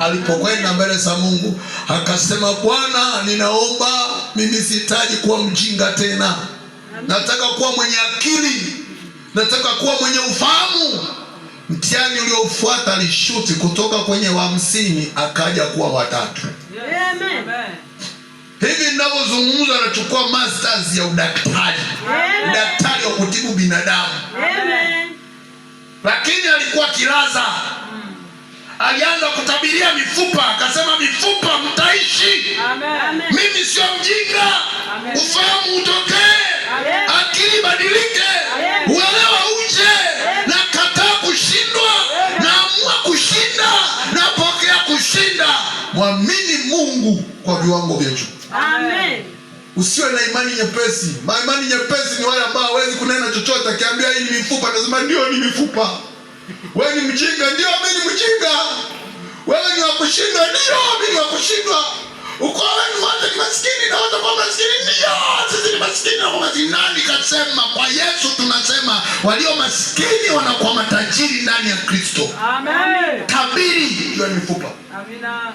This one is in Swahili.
Alipokwenda mbele za Mungu akasema, Bwana, ninaomba mimi sihitaji kuwa mjinga tena, nataka kuwa mwenye akili, nataka kuwa mwenye ufahamu. Mtihani uliofuata alishuti kutoka kwenye wa hamsini akaja kuwa watatu. Amen. Hivi ninavyozungumza anachukua masters ya udaktari, udaktari wa kutibu binadamu. Amen. Lakini alikuwa kilaza, mm. alianza kutabiria mifupa, akasema mifupa Mwamini Mungu kwa viwango vya juu. Usiwe na imani nyepesi. Maimani nyepesi ni wale ambao hawezi kunena chochote, akiambia hii ni mifupa, nasema ndio ni mifupa. Wewe ni mjinga, ndio mimi ni mjinga. Wewe ni wakushindwa, ndio mimi ni wakushindwa. Ukoo wote ni maskini na wote kwa maskini, ndio sisi ni maskini na maskini. Nani kasema? Kwa Yesu tunasema walio maskini wanakuwa matajiri ndani ya Kristo. Amen. Tabiri hiyo mifupa. Amina.